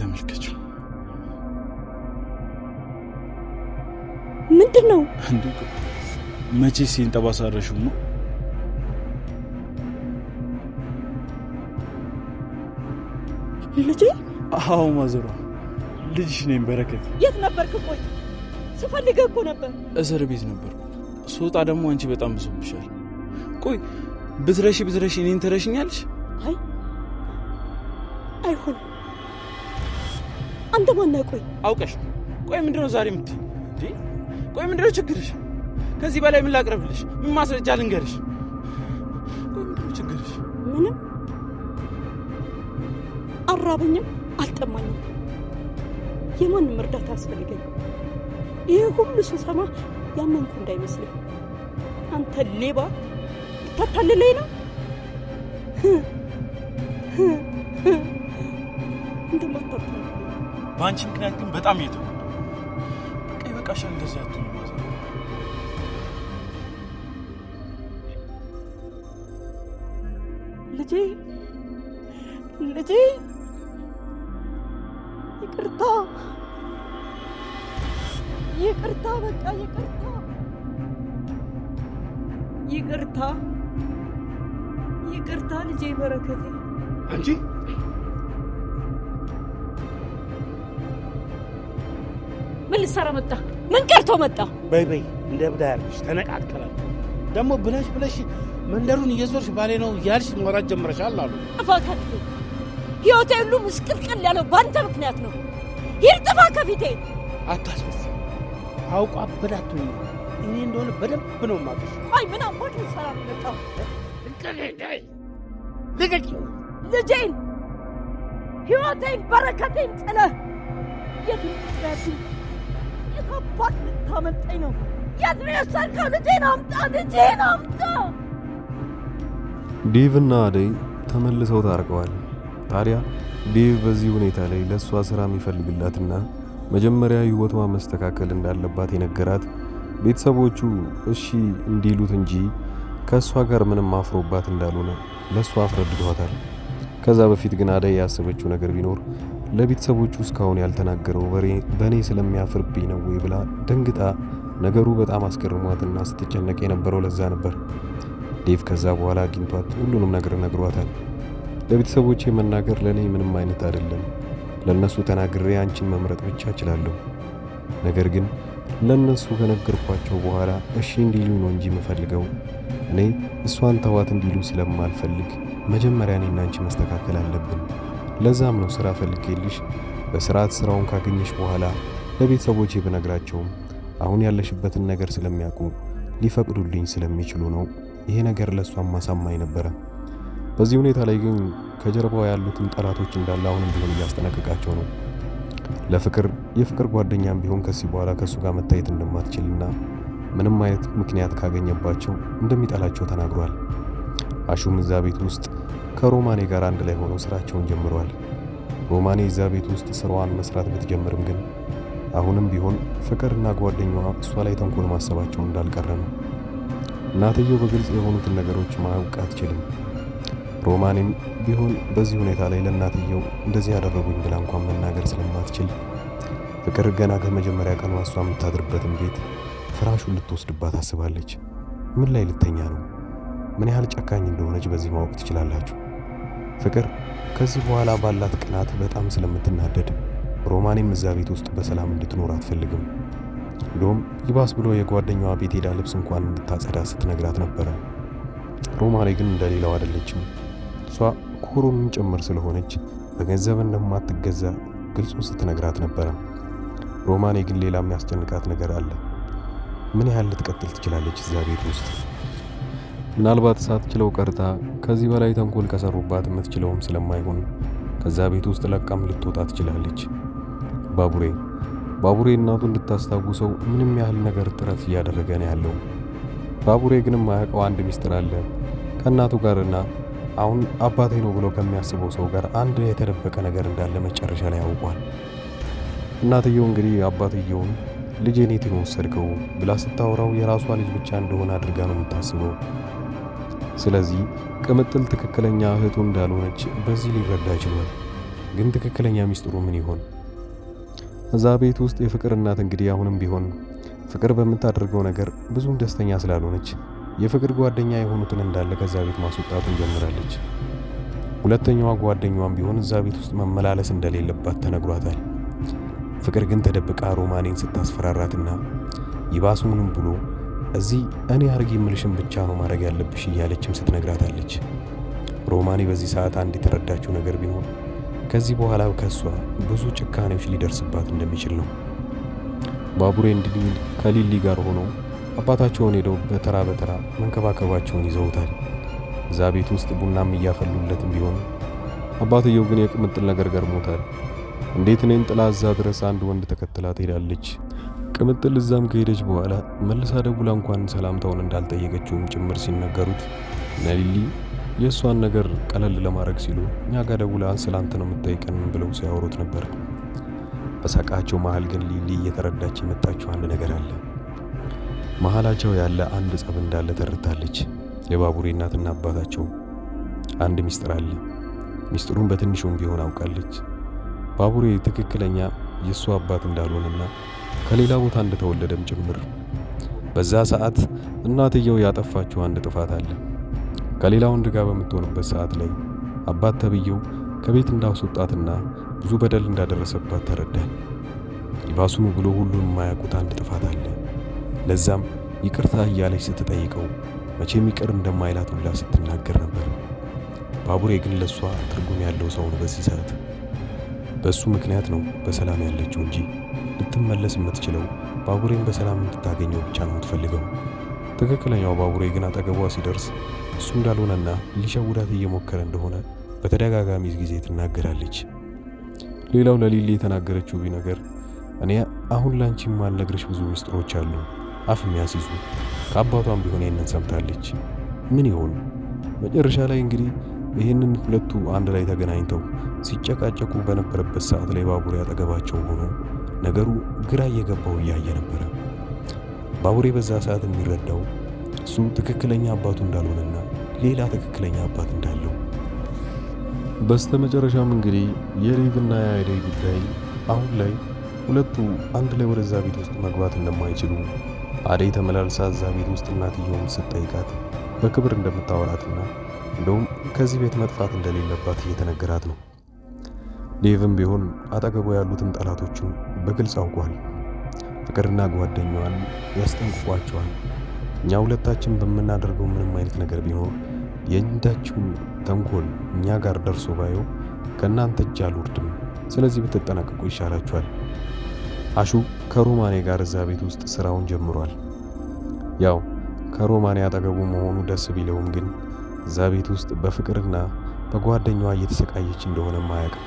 ተመልከች። ምንድን ነው እንዴ? መቼ ሲን ጠባሳረሹ ነው? ልጄ? አዎ ማዘሯ፣ ልጅሽ ነኝ። በረከት የት ነበርክ? ቆይ ስፈልግህ እኮ ነበር። እስር ቤት ነበርኩ። ስወጣ ደግሞ አንቺ በጣም ብሶብሻል። ቆይ ብትረሺ ብትረሺ እኔን ትረሽኛለሽ? አይ አይሆንም አንተ ማነህ? ቆይ አውቀሽ ቆይ ምንድነው ዛሬ የምትይኝ? እንዴ ቆይ ምንድነው ችግርሽ? ከዚህ በላይ ምን ላቅርብልሽ? ምን ማስረጃ ልንገርሽ? ቆይ ምንድነው ችግርሽ? ምንም አራበኝም አልጠማኝም። የማንም እርዳታ አስፈልገኝ። ይህ ሁሉ ስሰማ ያመንኩ እንዳይመስልኝ። አንተ ሌባ ልታታልለኝ ነው? እንደማታታ በአንቺ ምክንያት ግን በጣም እየተጎዳሁ በቃ ይበቃሻል። እንደዚህ አትሁኝ ማዘር። ልጄ ልጄ፣ ይቅርታ ይቅርታ፣ በቃ ይቅርታ ይቅርታ ይቅርታ፣ ልጄ በረከቴ አንቺ ሊሰራ መጣ? ምን ቀርቶ መጣ? በይ በይ፣ እንደ እብድ ያርግሽ። ተነቃቅተናል። ደግሞ ብለሽ ብለሽ መንደሩን እየዞርሽ ባሌ ነው እያልሽ መውራት ጀምረሻል አሉ። ጥፋ ጥፋት ህይወቴ ሁሉ ምስቅልቅል ያለው በአንተ ምክንያት ነው። ይህ ጥፋ ከፊቴ አታስመስ አውቋ ብላት እኔ እንደሆነ በደንብ ነው ማቀሽ። አይ ምን አባት ሰራ መጣ? ልቀቂ ልጄን፣ ህይወቴን፣ በረከቴን ጥለህ የት እንዴት ልታመልጠኝ ነው? የት ነው የወሰድከው? ልጄን አምጣ! ልጄን አምጣ! ዴቭና አደይ ተመልሰው ታርቀዋል። ታዲያ ዴቭ በዚህ ሁኔታ ላይ ለእሷ ስራ የሚፈልግላትና መጀመሪያ ህይወቷ መስተካከል እንዳለባት የነገራት ቤተሰቦቹ እሺ እንዲሉት እንጂ ከእሷ ጋር ምንም አፍሮባት እንዳልሆነ ለእሷ አስረድቷታል። ከዛ በፊት ግን አደይ ያሰበችው ነገር ቢኖር ለቤተሰቦቹ እስካሁን ያልተናገረው በእኔ ስለሚያፍርብኝ ነው ወይ ብላ ደንግጣ ነገሩ በጣም አስገርሟትና ስትጨነቅ የነበረው ለዛ ነበር። ዴቭ ከዛ በኋላ አግኝቷት ሁሉንም ነገር ነግሯታል። ለቤተሰቦች መናገር ለእኔ ምንም አይነት አይደለም፣ ለእነሱ ተናግሬ አንቺን መምረጥ ብቻ እችላለሁ። ነገር ግን ለእነሱ ከነገርኳቸው በኋላ እሺ እንዲሉ ነው እንጂ የምፈልገው እኔ እሷን ተዋት እንዲሉ ስለማልፈልግ መጀመሪያ እኔና አንቺ መስተካከል አለብን ለዛም ነው ስራ ፈልጌልሽ በስርዓት ስራውን ካገኘሽ በኋላ ለቤተሰቦቼ ብነግራቸውም አሁን ያለሽበትን ነገር ስለሚያውቁ ሊፈቅዱልኝ ስለሚችሉ ነው። ይሄ ነገር ለእሷም ማሳማኝ ነበረ። በዚህ ሁኔታ ላይ ግን ከጀርባዋ ያሉትን ጠላቶች እንዳለ አሁንም ቢሆን እያስጠነቅቃቸው ነው። ለፍቅር የፍቅር ጓደኛም ቢሆን ከዚህ በኋላ ከእሱ ጋር መታየት እንደማትችልና ምንም አይነት ምክንያት ካገኘባቸው እንደሚጠላቸው ተናግሯል። አሹም እዛ ቤት ውስጥ ከሮማኔ ጋር አንድ ላይ ሆነው ስራቸውን ጀምረዋል። ሮማኔ እዛ ቤት ውስጥ ስራዋን መስራት ብትጀምርም ግን አሁንም ቢሆን ፍቅርና ጓደኛዋ እሷ ላይ ተንኮል ማሰባቸው እንዳልቀረ ነው። እናትየው በግልጽ የሆኑትን ነገሮች ማወቅ አትችልም። ሮማኔም ቢሆን በዚህ ሁኔታ ላይ ለእናትየው እንደዚህ ያደረጉኝ ብላ እንኳን መናገር ስለማትችል ፍቅር ገና ከመጀመሪያ ቀኗ እሷ የምታድርበትን ቤት ፍራሹን ልትወስድባት አስባለች። ምን ላይ ልተኛ ነው ምን ያህል ጨካኝ እንደሆነች በዚህ ማወቅ ትችላላችሁ። ፍቅር ከዚህ በኋላ ባላት ቅናት በጣም ስለምትናደድ ሮማኔም እዛ ቤት ውስጥ በሰላም እንድትኖር አትፈልግም። እንዲሁም ይባስ ብሎ የጓደኛዋ ቤት ሄዳ ልብስ እንኳን እንድታጸዳ ስትነግራት ነበረ። ሮማኔ ግን እንደሌላው አይደለችም። እሷ ኩሩንም ጭምር ስለሆነች በገንዘብ እንደማትገዛ ግልጹ ስትነግራት ነበረ። ሮማኔ ግን ሌላ የሚያስጨንቃት ነገር አለ። ምን ያህል ልትቀጥል ትችላለች እዚያ ቤት ውስጥ? ምናልባት ሳትችለው ቀርታ ከዚህ በላይ ተንኮል ከሰሩባት የምትችለውም ስለማይሆን ከዛ ቤት ውስጥ ለቃም ልትወጣ ትችላለች። ባቡሬ ባቡሬ እናቱ እንድታስታውሰው ምንም ያህል ነገር ጥረት እያደረገ ነው ያለው። ባቡሬ ግን ማያውቀው አንድ ሚስጥር አለ። ከእናቱ ጋርና አሁን አባቴ ነው ብሎ ከሚያስበው ሰው ጋር አንድ የተደበቀ ነገር እንዳለ መጨረሻ ላይ ያውቋል። እናትየው እንግዲህ አባትየውን ልጄ ኔት ነው ወሰድከው ብላ ስታወራው የራሷ ልጅ ብቻ እንደሆነ አድርጋ ነው የምታስበው። ስለዚህ ቅምጥል ትክክለኛ እህቱ እንዳልሆነች በዚህ ሊረዳ ችሏል። ግን ትክክለኛ ሚስጥሩ ምን ይሆን? እዛ ቤት ውስጥ የፍቅር እናት እንግዲህ አሁንም ቢሆን ፍቅር በምታደርገው ነገር ብዙም ደስተኛ ስላልሆነች የፍቅር ጓደኛ የሆኑትን እንዳለ ከዛ ቤት ማስወጣቱን ጀምራለች። ሁለተኛዋ ጓደኛዋም ቢሆን እዛ ቤት ውስጥ መመላለስ እንደሌለባት ተነግሯታል። ፍቅር ግን ተደብቃ ሮማኔን ስታስፈራራትና ይባሱንም ብሎ እዚህ እኔ አርግ የምልሽን ብቻ ነው ማድረግ ያለብሽ እያለችም ስትነግራታለች። ሮማኒ በዚህ ሰዓት አንድ የተረዳችው ነገር ቢኖር ከዚህ በኋላ ከሷ ብዙ ጭካኔዎች ሊደርስባት እንደሚችል ነው። ባቡሬ እንድንል ከሊሊ ጋር ሆነው አባታቸውን ሄደው በተራ በተራ መንከባከባቸውን ይዘውታል። እዛ ቤት ውስጥ ቡናም እያፈሉለትም ቢሆን አባትየው ግን የቅምጥል ነገር ገርሞታል። እንዴት እኔን ጥላ እዛ ድረስ አንድ ወንድ ተከትላ ትሄዳለች ቅምጥል እዛም ከሄደች በኋላ መልሳ ደውላ እንኳን ሰላምታውን እንዳልጠየቀችውም ጭምር ሲነገሩት ነሊሊ የእሷን ነገር ቀለል ለማድረግ ሲሉ እኛ ጋር ደውላ ስላንተ ነው የምጠይቀን ብለው ሲያወሩት ነበር። በሳቃቸው መሀል ግን ሊሊ እየተረዳች የመጣችው አንድ ነገር አለ። መሀላቸው ያለ አንድ ጸብ እንዳለ ተረድታለች። የባቡሬ እናትና አባታቸው አንድ ሚስጥር አለ። ሚስጥሩን በትንሹም ቢሆን አውቃለች። ባቡሬ ትክክለኛ የእሱ አባት እንዳልሆነና ከሌላ ቦታ እንደተወለደም ጭምር። በዛ ሰዓት እናትየው ያጠፋችው አንድ ጥፋት አለ። ከሌላ ወንድ ጋር በምትሆንበት ሰዓት ላይ አባት ተብየው ከቤት እንዳስወጣትና ብዙ በደል እንዳደረሰባት ተረዳ ይባሱኑ ብሎ ሁሉን የማያውቁት አንድ ጥፋት አለ። ለዛም ይቅርታ እያለች ስትጠይቀው መቼም ይቅር እንደማይላት ሁላ ስትናገር ነበር። ባቡሬ ግን ትርጉም ያለው ሰው ነው። በዚህ ሰዓት በሱ ምክንያት ነው በሰላም ያለችው እንጂ ልትመለስ የምትችለው ባቡሬን በሰላም እንድታገኘው ብቻ ነው የምትፈልገው። ትክክለኛው ባቡሬ ግን አጠገቧ ሲደርስ እሱ እንዳልሆነና ሊሸውዳት እየሞከረ እንደሆነ በተደጋጋሚ ጊዜ ትናገራለች። ሌላው ለሊሊ የተናገረችው ነገር እኔ አሁን ላንቺ የማልነግርሽ ብዙ ምስጢሮች አሉ አፍ የሚያስይዙ ከአባቷም ቢሆን ይህንን ሰምታለች። ምን ይሆን መጨረሻ ላይ እንግዲህ ይህንን ሁለቱ አንድ ላይ ተገናኝተው ሲጨቃጨቁ በነበረበት ሰዓት ላይ ባቡሬ አጠገባቸው ሆኖ ነገሩ ግራ እየገባው እያየ ነበረ። ባቡሬ በዛ ሰዓት የሚረዳው እሱ ትክክለኛ አባቱ እንዳልሆነና ሌላ ትክክለኛ አባት እንዳለው። በስተመጨረሻም እንግዲህ የሪቭና የአደይ ጉዳይ አሁን ላይ ሁለቱ አንድ ላይ ወደዛ ቤት ውስጥ መግባት እንደማይችሉ አደይ ተመላልሳ እዛ ቤት ውስጥ እናትየውን ስትጠይቃት በክብር እንደምታወራትና እንደውም ከዚህ ቤት መጥፋት እንደሌለባት እየተነገራት ነው። ዴቭም ቢሆን አጠገቡ ያሉትን ጠላቶችን በግልጽ አውቋል። ፍቅርና ጓደኛዋን ያስጠንቅቋቸዋል። እኛ ሁለታችን በምናደርገው ምንም አይነት ነገር ቢኖር የእንዳችሁም ተንኮል እኛ ጋር ደርሶ ባየው ከእናንተ እጅ አልወርድም፣ ስለዚህ ብትጠናቀቁ ይሻላችኋል። አሹ ከሮማኔ ጋር እዛ ቤት ውስጥ ስራውን ጀምሯል። ያው ከሮማኔ አጠገቡ መሆኑ ደስ ቢለውም ግን እዛ ቤት ውስጥ በፍቅርና በጓደኛዋ እየተሰቃየች እንደሆነ ማያቅም።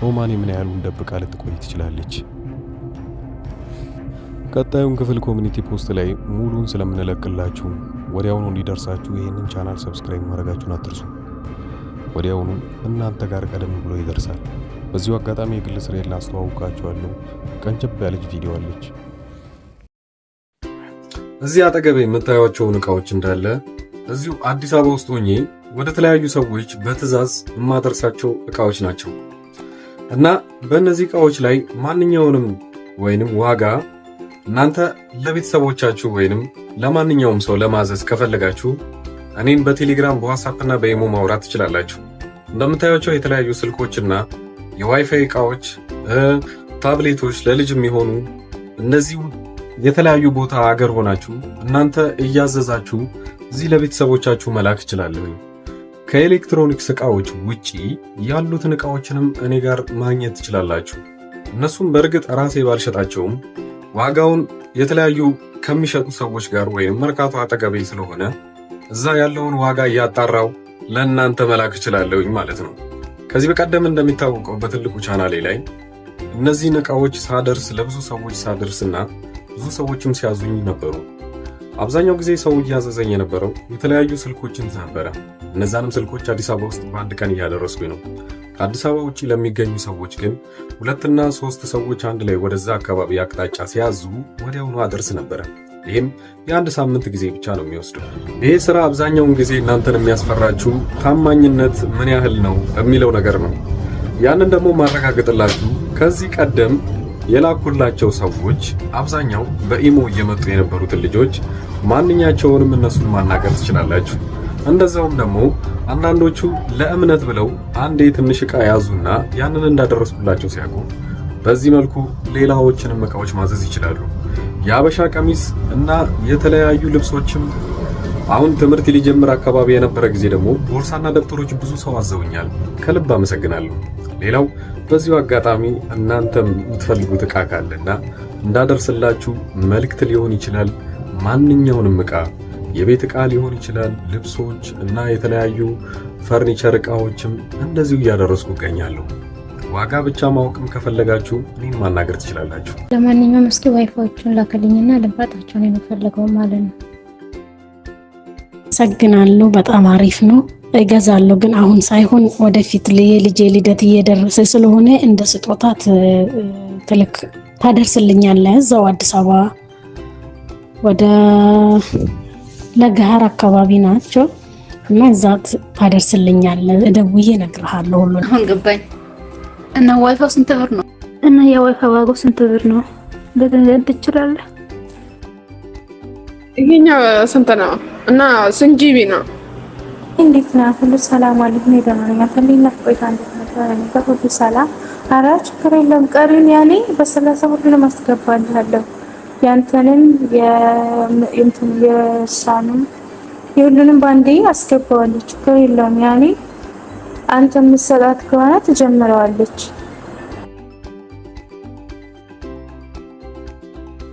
ሮማን ምን ያህሉን ደብቃ ልትቆይ ትችላለች? ቀጣዩን ክፍል ኮሚኒቲ ፖስት ላይ ሙሉን ስለምንለቅላችሁ ወዲያውኑ እንዲደርሳችሁ ይህንን ቻናል ሰብስክራይብ ማድረጋችሁን አትርሱ። ወዲያውኑ እናንተ ጋር ቀደም ብሎ ይደርሳል። በዚሁ አጋጣሚ የግል ስራዬን ላስተዋውቃችኋለሁ። ቀንጭብ ያለች ቪዲዮ አለች። እዚህ አጠገብ የምታዩቸውን እቃዎች እንዳለ እዚሁ አዲስ አበባ ውስጥ ሆኜ ወደ ተለያዩ ሰዎች በትዕዛዝ የማደርሳቸው እቃዎች ናቸው። እና በእነዚህ እቃዎች ላይ ማንኛውንም ወይንም ዋጋ እናንተ ለቤተሰቦቻችሁ ወይንም ለማንኛውም ሰው ለማዘዝ ከፈለጋችሁ እኔን በቴሌግራም በዋትሳፕ እና በኢሞ ማውራት ትችላላችሁ። እንደምታያቸው የተለያዩ ስልኮችና የዋይፋይ እቃዎች፣ ታብሌቶች ለልጅ የሚሆኑ እነዚህ የተለያዩ ቦታ አገር ሆናችሁ እናንተ እያዘዛችሁ እዚህ ለቤተሰቦቻችሁ መላክ ይችላለሁ። ከኤሌክትሮኒክስ እቃዎች ውጪ ያሉትን እቃዎችንም እኔ ጋር ማግኘት ትችላላችሁ። እነሱም በእርግጥ ራሴ ባልሸጣቸውም ዋጋውን የተለያዩ ከሚሸጡ ሰዎች ጋር ወይም መርካቶ አጠገቤ ስለሆነ እዛ ያለውን ዋጋ እያጣራው ለእናንተ መላክ እችላለሁኝ ማለት ነው። ከዚህ በቀደም እንደሚታወቀው በትልቁ ቻናሌ ላይ እነዚህን እቃዎች ሳደርስ ለብዙ ሰዎች ሳደርስና ብዙ ሰዎችም ሲያዙኝ ነበሩ። አብዛኛው ጊዜ ሰው እያዘዘኝ የነበረው የተለያዩ ስልኮችን ነበረ። እነዛንም ስልኮች አዲስ አበባ ውስጥ በአንድ ቀን እያደረስኩኝ ነው። ከአዲስ አበባ ውጭ ለሚገኙ ሰዎች ግን ሁለትና ሶስት ሰዎች አንድ ላይ ወደዛ አካባቢ አቅጣጫ ሲያዙ ወዲያውኑ አደርስ ነበረ። ይህም የአንድ ሳምንት ጊዜ ብቻ ነው የሚወስደው። ይህ ስራ አብዛኛውን ጊዜ እናንተን የሚያስፈራችሁ ታማኝነት ምን ያህል ነው የሚለው ነገር ነው። ያንን ደግሞ ማረጋገጥላችሁ ከዚህ ቀደም የላኩላቸው ሰዎች አብዛኛው በኢሞ እየመጡ የነበሩትን ልጆች ማንኛቸውንም እነሱን ማናገር ትችላላችሁ። እንደዛውም ደግሞ አንዳንዶቹ ለእምነት ብለው አንዴ ትንሽ እቃ ያዙና ያንን እንዳደረስኩላቸው ሲያውቁ በዚህ መልኩ ሌላዎችንም እቃዎች ማዘዝ ይችላሉ። የአበሻ ቀሚስ እና የተለያዩ ልብሶችም አሁን ትምህርት ሊጀምር አካባቢ የነበረ ጊዜ ደግሞ ቦርሳና ደብተሮች ብዙ ሰው አዘውኛል። ከልብ አመሰግናለሁ። ሌላው በዚሁ አጋጣሚ እናንተ የምትፈልጉት እቃ ካለና እንዳደርስላችሁ መልእክት ሊሆን ይችላል ማንኛውንም ዕቃ የቤት ዕቃ ሊሆን ይችላል፣ ልብሶች እና የተለያዩ ፈርኒቸር ዕቃዎችም እንደዚሁ እያደረስኩ እገኛለሁ። ዋጋ ብቻ ማወቅም ከፈለጋችሁ እኔን ማናገር ትችላላችሁ። ለማንኛውም እስኪ ዋይፋዎቹን ላከልኝና ነው የምፈልገው ማለት ነው። አመሰግናለሁ። በጣም አሪፍ ነው። እገዛለሁ ግን አሁን ሳይሆን ወደፊት የልጄ ልደት እየደረሰ ስለሆነ እንደ ስጦታ ትልክ ታደርስልኛለህ እዛው አዲስ አበባ ወደ ለገሃር አካባቢ ናቸው እና እዛ ታደርስልኛለህ፣ እደውዬ እነግርሃለሁ። ሁሉ አሁን ገባኝ። እና ዋይፋው ስንት ብር ነው? እና የዋይፋ ዋጎ ስንት ብር ነው? በገንዘብ ትችላለህ? ይሄኛው ስንት ነው? እና ስንጂቢ ነው? እንዴት ነው? ሁሉ ሰላም አለኝ። ነው ደማኛ ከሚና ቆይታ እንዴት ነው? ሁሉ ሰላም። አራ ችግር የለም። ቀሪን ያኔ በሰላሳ ሁሉ ሁሉንም አስገባልሃለሁ ያንተንም የእንትን የእሷንም የሁሉንም ባንዴ አስገባዋለች። ችግር የለውም። ያኔ አንተ የምትሰጣት ከሆነ ትጀምረዋለች።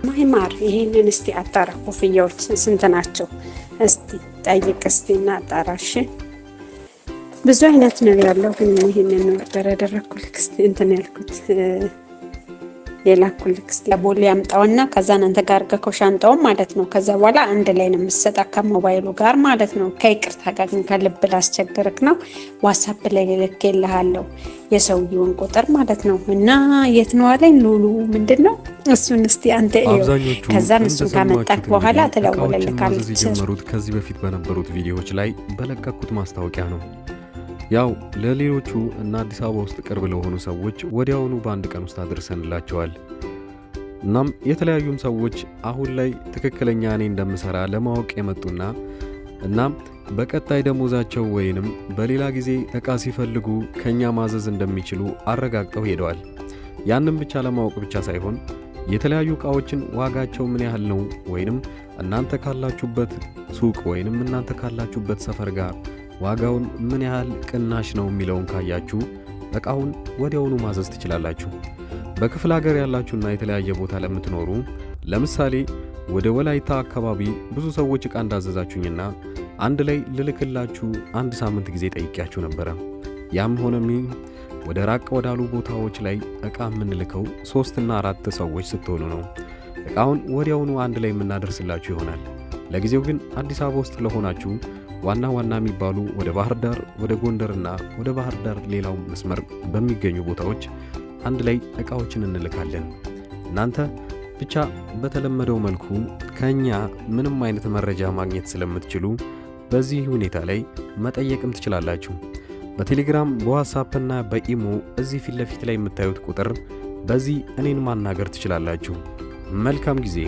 ማሂማር ይህንን እስቲ አጣራ። ኮፍያዎች ስንት ናቸው? እስቲ ጠይቅ እስቲ እና አጣራሽ። ብዙ አይነት ነው ያለው፣ ግን ይህንን ነው ደረደረኩልክ እንትን ያልኩት የላኩልክ ስ ቦሌ ያምጣውና ከዛ አንተ ጋር ገከው ሻንጣውን ማለት ነው። ከዛ በኋላ አንድ ላይ ነው የምሰጣ ከሞባይሉ ጋር ማለት ነው። ከይቅርታ ጋር ግን ከልብ ላስቸግርክ ነው ዋትሳፕ ላይ ልልክ የልሃለው የሰውየውን ቁጥር ማለት ነው። እና የት ነው አለኝ ሉሉ ምንድን ነው እሱን እስቲ አንተ ከዛን እሱን ካመጣክ በኋላ ተደውለልካል። ከዚህ በፊት በነበሩት ቪዲዮዎች ላይ በለቀኩት ማስታወቂያ ነው ያው ለሌሎቹ እና አዲስ አበባ ውስጥ ቅርብ ለሆኑ ሰዎች ወዲያውኑ በአንድ ቀን ውስጥ አድርሰንላቸዋል። እናም የተለያዩም ሰዎች አሁን ላይ ትክክለኛ እኔ እንደምሰራ ለማወቅ የመጡና እናም በቀጣይ ደሞዛቸው ወይንም በሌላ ጊዜ እቃ ሲፈልጉ ከእኛ ማዘዝ እንደሚችሉ አረጋግጠው ሄደዋል። ያንም ብቻ ለማወቅ ብቻ ሳይሆን የተለያዩ ዕቃዎችን ዋጋቸው ምን ያህል ነው ወይንም እናንተ ካላችሁበት ሱቅ ወይንም እናንተ ካላችሁበት ሰፈር ጋር ዋጋውን ምን ያህል ቅናሽ ነው የሚለውን ካያችሁ ዕቃውን ወዲያውኑ ማዘዝ ትችላላችሁ። በክፍለ ሀገር ያላችሁና የተለያየ ቦታ ለምትኖሩ ለምሳሌ ወደ ወላይታ አካባቢ ብዙ ሰዎች ዕቃ እንዳዘዛችሁኝና አንድ ላይ ልልክላችሁ አንድ ሳምንት ጊዜ ጠይቄያችሁ ነበረ። ያም ሆነሚ ወደ ራቅ ወዳሉ ቦታዎች ላይ ዕቃ የምንልከው ሦስትና አራት ሰዎች ስትሆኑ ነው። ዕቃውን ወዲያውኑ አንድ ላይ የምናደርስላችሁ ይሆናል። ለጊዜው ግን አዲስ አበባ ውስጥ ለሆናችሁ ዋና ዋና የሚባሉ ወደ ባህር ዳር፣ ወደ ጎንደርና ወደ ባህር ዳር ሌላው መስመር በሚገኙ ቦታዎች አንድ ላይ እቃዎችን እንልካለን። እናንተ ብቻ በተለመደው መልኩ ከእኛ ምንም አይነት መረጃ ማግኘት ስለምትችሉ በዚህ ሁኔታ ላይ መጠየቅም ትችላላችሁ። በቴሌግራም በዋትሳፕና በኢሞ እዚህ ፊት ለፊት ላይ የምታዩት ቁጥር በዚህ እኔን ማናገር ትችላላችሁ። መልካም ጊዜ